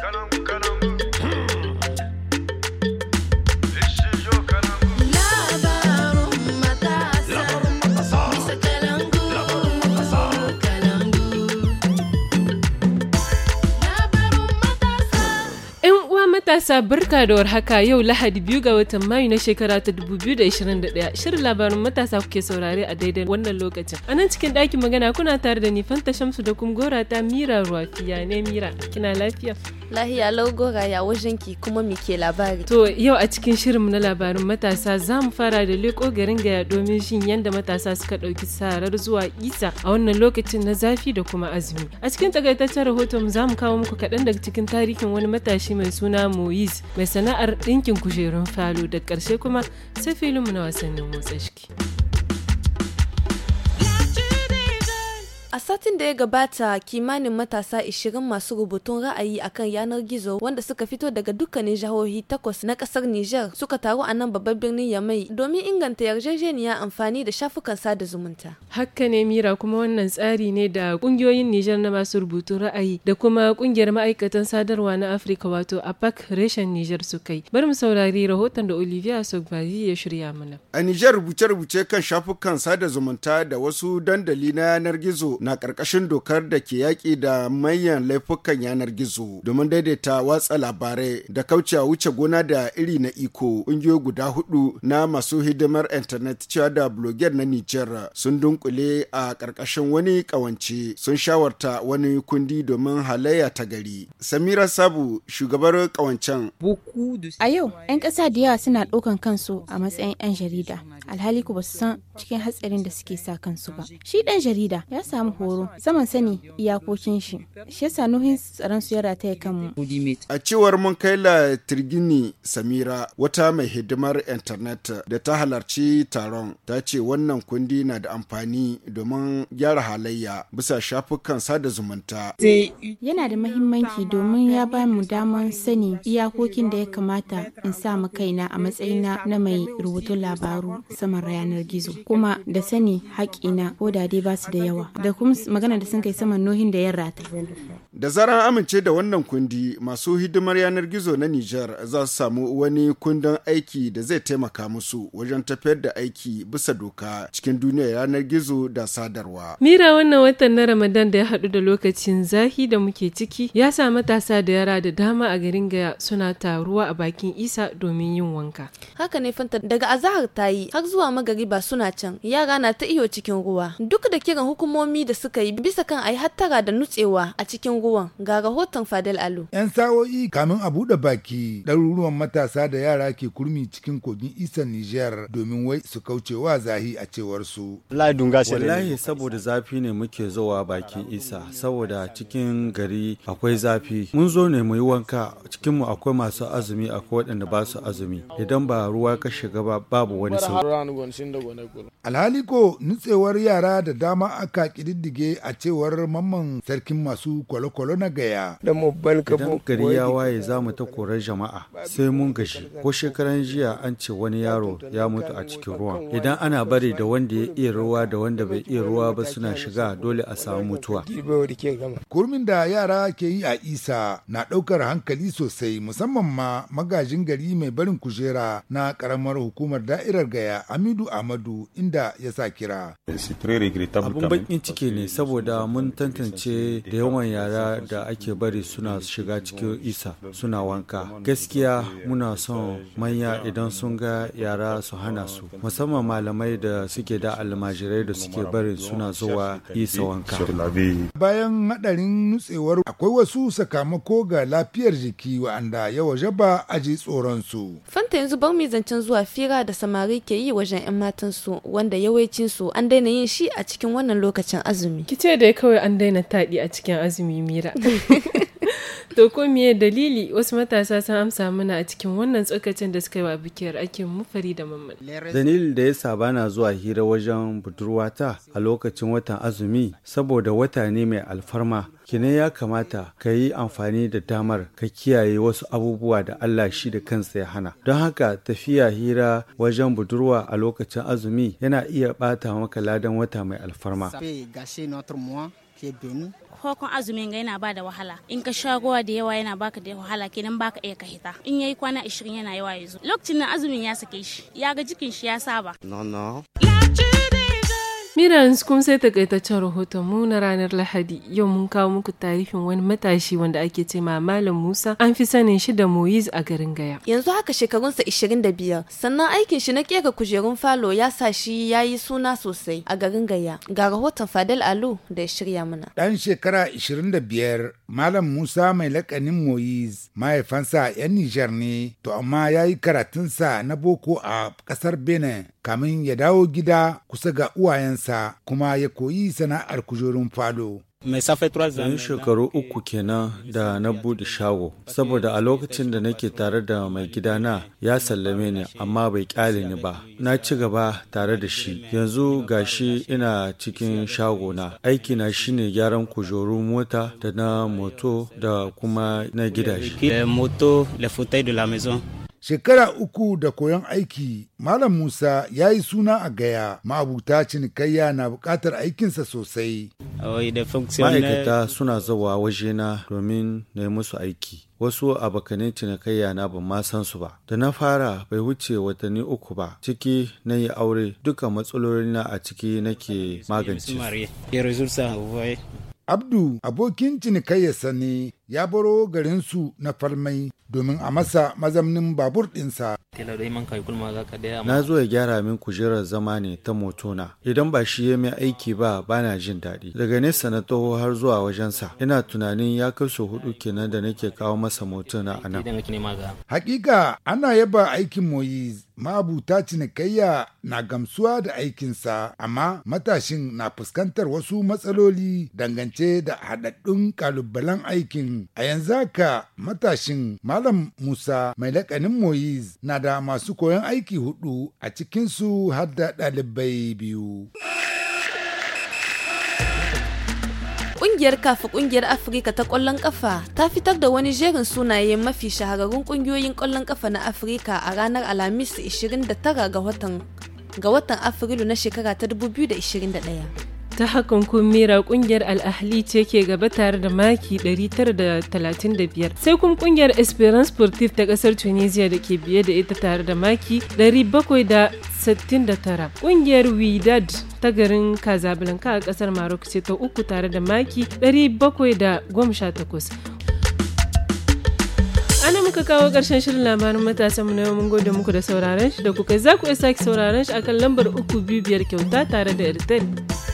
Calum, calum. matasa barka da warhaka yau lahadi biyu ga watan mayu na shekara ta 2021 shirin labarin matasa kuke saurare a daidai wannan lokacin a nan cikin ɗakin magana kuna tare da ni fanta shamsu da kuma gora ta mira ruwafiya ne mira kina lafiya lahiya lau gora ya wajen ki kuma mi ke labari to yau a cikin shirin na labarin matasa za mu fara da leko garin gaya domin shin yadda matasa suka ɗauki sarar zuwa isa a wannan lokacin na zafi da kuma azumi a cikin takaitaccen rahoton za mu kawo muku kaɗan daga cikin tarihin wani matashi mai suna mu moiz mai sana'ar ɗinkin kujerun falo da ƙarshe kuma sai filinmu na wasannin motsa jiki. satin da ya gabata kimanin matasa 20 masu rubutun ra'ayi akan yanar gizo wanda suka fito daga dukkanin jihohi takwas na kasar Nijar suka taru a nan babban birnin Yamai domin inganta yarjejeniya amfani da shafukan sada zumunta. Hakka ne Mira kuma wannan tsari ne da kungiyoyin Nijar na masu rubutun ra'ayi da kuma kungiyar ma'aikatan sadarwa na Afirka wato APAC reshen Nijar su kai. Bari mu saurari rahoton da Olivia Sogbazi ya shirya mana. A Nijar rubuce-rubuce kan shafukan sada zumunta da wasu dandali na yanar gizo na ƙarƙashin dokar da ke yaƙi da manyan laifukan yanar gizo domin daidaita watsa labarai da kaucewa wuce gona da iri na iko ƙungiyoyi guda hudu na masu hidimar intanet cewa da blogger na niger sun dunkule a ƙarƙashin wani ƙawance sun shawarta wani kundi domin halayya ta gari. Samira Sabu shugabar ƙawancen. A yau 'yan ƙasa da yawa suna ɗaukan kansu a matsayin 'yan jarida alhali ku basu san cikin hatsarin da suke sa kansu ba shi dan jarida ya samu horo saman sani iyakokin shi shi yasa nuhin tsaron su ya rataya kanmu a cewar mun kai la tirgini samira wata mai hidimar intanet da ta halarci taron ta ce wannan kundi na da amfani domin gyara halayya bisa shafukan sada zumunta yana da mahimmanci domin ya ba mu daman sani iyakokin da ya kamata in sa mu kaina a matsayina na mai rubutun labaru saman yanar gizo kuma da sani haƙina ko da dai ba da yawa da kuma magana da sun kai saman nohin da yan rata. Da zaran amince da wannan kundi masu hidimar yanar gizo na Nijar za su samu wani kundin aiki da zai taimaka musu wajen tafiyar da aiki bisa doka cikin duniya yanar gizo da sadarwa. Mira wannan watan na Ramadan da ya haɗu da lokacin zahi da muke ciki ya sa matasa da yara da dama a garin Gaya suna taruwa a bakin Isa domin yin wanka. Haka ne Fanta daga azahar ta yi har zuwa magariba suna can yara na ta iyo cikin ruwa duk da kiran hukumomi da suka yi bisa kan ayi hattara da nutsewa a cikin ruwan ga rahoton fadal Alu. Yan sa'o'i kamin a buɗe baki ɗaruruwan matasa da yara ke kurmi cikin kogin isan Nijar domin wai su kaucewa zahi a cewar su. Wallahi saboda zafi ne muke zowa bakin isa saboda cikin gari akwai zafi mun zo ne mu yi wanka cikinmu akwai masu azumi akwai waɗanda ba su azumi idan ba ruwa ka shiga ba babu wani sauki. ra ni gɔni sini de gɔni ne bolo alhali ko nutsewar yara da dama aka kididdige a cewar mamman sarkin masu kwalokwalo na gaya idan gari ya waye za mu ta korar jama'a sai mun gashi ko shekaran jiya an ce wani yaro ya mutu a cikin ruwa idan ana bari da wanda ya iya ruwa da wanda bai iya ruwa ba suna shiga dole a samu mutuwa kurmin da yara ke yi a isa na ɗaukar hankali sosai musamman ma magajin gari mai barin kujera na ƙaramar hukumar da'irar gaya amidu amadu abinda ya sa kira. Abin bakin ciki ne saboda mun tantance da yawan yara da ake bari suna shiga cikin isa suna wanka. Gaskiya muna son manya idan sun ga yara su hana su musamman malamai da suke da almajirai da suke barin suna zuwa isa wanka. Bayan haɗarin nutsewar akwai wasu sakamako ga lafiyar jiki wa'anda ya waje ba aji tsoron su. Fanta yanzu bar mai zancen zuwa fira da samari ke yi wajen 'yan matan su wanda su an daina yin shi a cikin wannan lokacin azumi. kice ce dai kawai an daina taɗi a cikin azumi mira. to ko dalili wasu matasa sun amsa mana a cikin wannan tsokacin da suka yi wa bikiyar ake mufari da mamman. Dalil da ya saba bana zuwa hira wajen budurwata a lokacin watan azumi saboda wata ne mai alfarma kine ya kamata ka yi amfani da damar ka kiyaye wasu abubuwa da Allah shi da kansa ya hana don haka tafiya hira wajen budurwa a lokacin azumi yana iya bata maka ladan wata mai alfarma farkon azumin ga yana bada wahala in ka sha ruwa da yawa yana baka da wahala kenan baka iya ka hita in yayi kwana 20 yana yawa yazo lokacin nan azumin ya sake shi ya ga jikin shi ya saba no no miran yanzu kuma sai takaitaccen rahoton mu na ranar Lahadi yau mun kawo muku tarihin wani matashi wanda ake ce ma Malam Musa an fi sanin shi da moiz a garin Gaya. Yanzu haka shekarunsa 25 sannan aikin shi na kera kujerun falo ya sa shi ya yi suna sosai a garin Gaya. Ga rahoton Fadel Alu da ya shirya mana. Dan shekara 25 Malam Musa mai lakanin moiz mahaifansa 'yan Nijar ne to amma ya yi karatunsa na boko a ƙasar Benin kamin ya dawo gida kusa ga uwayensa kuma ya koyi sana'ar kujerun falo. yan shekaru uku kenan da na bude shago saboda a lokacin da nake tare da mai gidana ya sallame ni amma bai kyale ni ba na ci gaba tare da shi yanzu gashi ina cikin shago na aiki na shine gyaran kujeru mota da na moto da kuma na gidaje Shekara uku da koyon aiki, Malam Musa ya yi suna a gaya, ma'abuta cinikayya na bukatar aikinsa sosai. Ma'aikata suna zawa na domin na yi musu aiki. Wasu abokanin cinikayya na ban ma san su ba. Da na fara bai wuce watanni uku ba, ciki na yi aure duka na a ciki nake magance. Abdu abokin cinikayyarsa ne ya baro garinsu na falmai domin a masa mazamnin babur ɗinsa. Na zo ya gyara min kujerar zama ne ta motona. Idan ba shi ya mai aiki ba bana jin daɗi. Daga nesa na taho har zuwa wajensa. Ina tunanin ya kai huɗu hudu kenan da nake kawo masa motona a nan. Hakika ana yaba aikin Moyiz ta cinikayya na gamsuwa da aikinsa, amma matashin na fuskantar wasu matsaloli dangance da haɗaɗɗun ƙalubalen aikin. A yanzu haka matashin Malam Musa mai laƙanin Moyiz na da masu koyon aiki hudu a cikinsu har da ɗalibai biyu. Kungiyar kafa kungiyar Afirka ta kwallon kafa ta fitar da wani jerin sunaye mafi shahararrun kungiyoyin kwallon kafa na Afirka a ranar Alhamis 29 ga watan ga watan Afrilu na shekara ta 2021. ta hakan mera kungiyar al'ahli ce ke gaba tare da maki 935 sai kuma kungiyar esperance sportive ta kasar tunisia da ke biye da ita tare da maki 769 kungiyar widad ta garin casablanca a kasar maroc ce ta uku tare da maki 718 ana muka kawo ƙarshen shirin labarin matasan mu na yau mun gode muku da sauraron shi da kuka za ku iya sake sauraron shi akan lambar uku biyu biyar kyauta tare da airtel